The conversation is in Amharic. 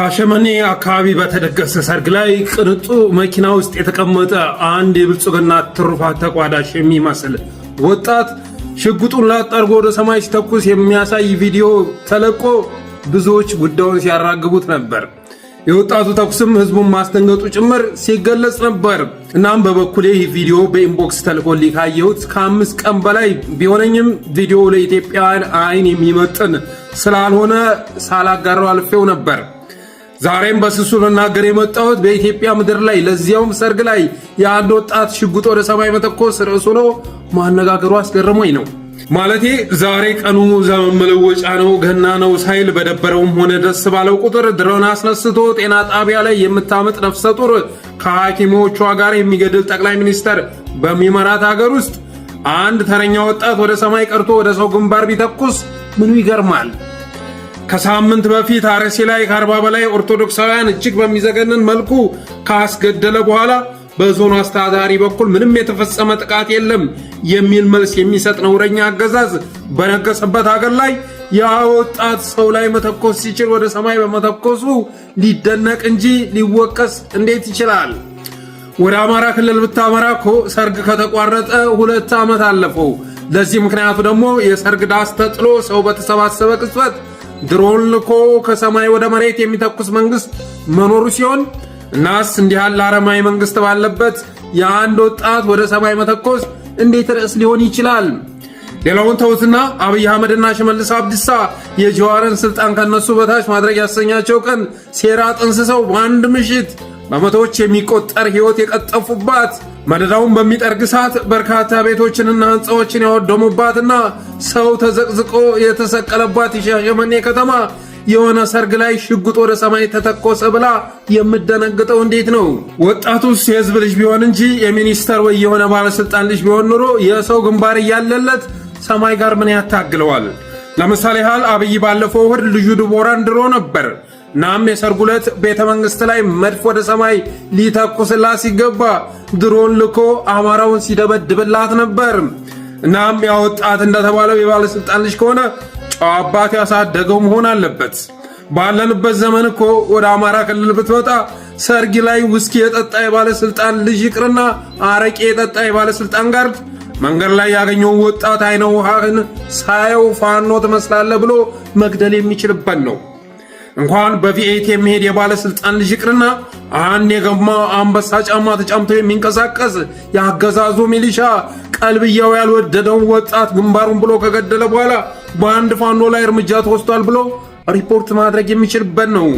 ሻሸመኔ አካባቢ በተደገሰ ሰርግ ላይ ቅንጡ መኪና ውስጥ የተቀመጠ አንድ የብልጽግና ትሩፋት ተቋዳሽ የሚመስል ወጣት ሽጉጡን ላጠርጎ ወደ ሰማይ ሲተኩስ የሚያሳይ ቪዲዮ ተለቆ ብዙዎች ጉዳዩን ሲያራግቡት ነበር። የወጣቱ ተኩስም ህዝቡን ማስደንገጡ ጭምር ሲገለጽ ነበር። እናም በበኩሌ ይህ ቪዲዮ በኢንቦክስ ተልኮልኝ ካየሁት ከአምስት ቀን በላይ ቢሆነኝም ቪዲዮ ለኢትዮጵያውያን አይን የሚመጥን ስላልሆነ ሳላጋረው አልፌው ነበር። ዛሬም በስሱ ልናገር የመጣሁት በኢትዮጵያ ምድር ላይ ለዚያውም ሰርግ ላይ የአንድ ወጣት ሽጉጥ ወደ ሰማይ መተኮስ ርዕሱ ነው። ማነጋገሩ አስገርሞኝ ነው። ማለቴ ዛሬ ቀኑ ዘመን መለወጫ ነው፣ ገና ነው ሳይል በደበረውም ሆነ ደስ ባለው ቁጥር ድሮን አስነስቶ ጤና ጣቢያ ላይ የምታምጥ ነፍሰ ጡር ከሐኪሞቿ ጋር የሚገድል ጠቅላይ ሚኒስተር በሚመራት ሀገር ውስጥ አንድ ተረኛ ወጣት ወደ ሰማይ ቀርቶ ወደ ሰው ግንባር ቢተኩስ ምኑ ይገርማል? ከሳምንት በፊት አርሲ ላይ ከአርባ በላይ ኦርቶዶክሳውያን እጅግ በሚዘገንን መልኩ ካስገደለ በኋላ በዞኑ አስተዳዳሪ በኩል ምንም የተፈጸመ ጥቃት የለም የሚል መልስ የሚሰጥ ነውረኛ አገዛዝ በነገሰበት ሀገር ላይ የወጣት ሰው ላይ መተኮስ ሲችል ወደ ሰማይ በመተኮሱ ሊደነቅ እንጂ ሊወቀስ እንዴት ይችላል? ወደ አማራ ክልል ብታመራ እኮ ሰርግ ከተቋረጠ ሁለት ዓመት አለፈው። ለዚህ ምክንያቱ ደግሞ የሰርግ ዳስ ተጥሎ ሰው በተሰባሰበ ቅጽበት ድሮን ልኮ ከሰማይ ወደ መሬት የሚተኩስ መንግስት መኖሩ ሲሆን እናስ እንዲህ ያለ አረማዊ መንግስት ባለበት የአንድ ወጣት ወደ ሰማይ መተኮስ እንዴት ርዕስ ሊሆን ይችላል? ሌላውን ተውትና አብይ አህመድና ሽመልስ አብዲሳ የጀዋርን ስልጣን ከነሱ በታች ማድረግ ያሰኛቸው ቀን ሴራ ጥንስሰው በአንድ ምሽት በመቶዎች የሚቆጠር ሕይወት የቀጠፉባት መደዳውን በሚጠርግ ሰዓት በርካታ ቤቶችንና ሕንፃዎችን ያወደሙባትና ሰው ተዘቅዝቆ የተሰቀለባት የሻሸመኔ ከተማ የሆነ ሰርግ ላይ ሽጉጥ ወደ ሰማይ ተተኮሰ ብላ የምደነግጠው እንዴት ነው? ወጣቱስ የህዝብ ልጅ ቢሆን እንጂ የሚኒስተር ወይ የሆነ ባለሥልጣን ልጅ ቢሆን ኑሮ የሰው ግንባር እያለለት ሰማይ ጋር ምን ያታግለዋል? ለምሳሌ ያህል አብይ ባለፈው እሁድ ልዩ ድቦራን ድሮ ነበር። ናም የሰርጉ ዕለት ቤተ መንግሥት ላይ መድፍ ወደ ሰማይ ሊተኩስላት ሲገባ ድሮን ልኮ አማራውን ሲደበድብላት ነበር። ናም ያወጣት እንደተባለው የባለሥልጣን ልጅ ከሆነ ጨዋ አባቱ ያሳደገው መሆን አለበት። ባለንበት ዘመን እኮ ወደ አማራ ክልል ብትወጣ ሰርግ ላይ ውስኪ የጠጣ የባለሥልጣን ልጅ ይቅርና አረቄ የጠጣ የባለሥልጣን ጋርድ መንገድ ላይ ያገኘውን ወጣት አይነ ውሃህን ሳየው ፋኖ ትመስላለህ ብሎ መግደል የሚችልበት ነው። እንኳን በቪኤት የሚሄድ የባለስልጣን ልጅ ይቅርና አንድ የገማ አንበሳ ጫማ ተጫምቶ የሚንቀሳቀስ የአገዛዙ ሚሊሻ ቀልብያው ያልወደደውን ወጣት ግንባሩን ብሎ ከገደለ በኋላ በአንድ ፋኖ ላይ እርምጃ ተወስቷል ብሎ ሪፖርት ማድረግ የሚችልበት ነው።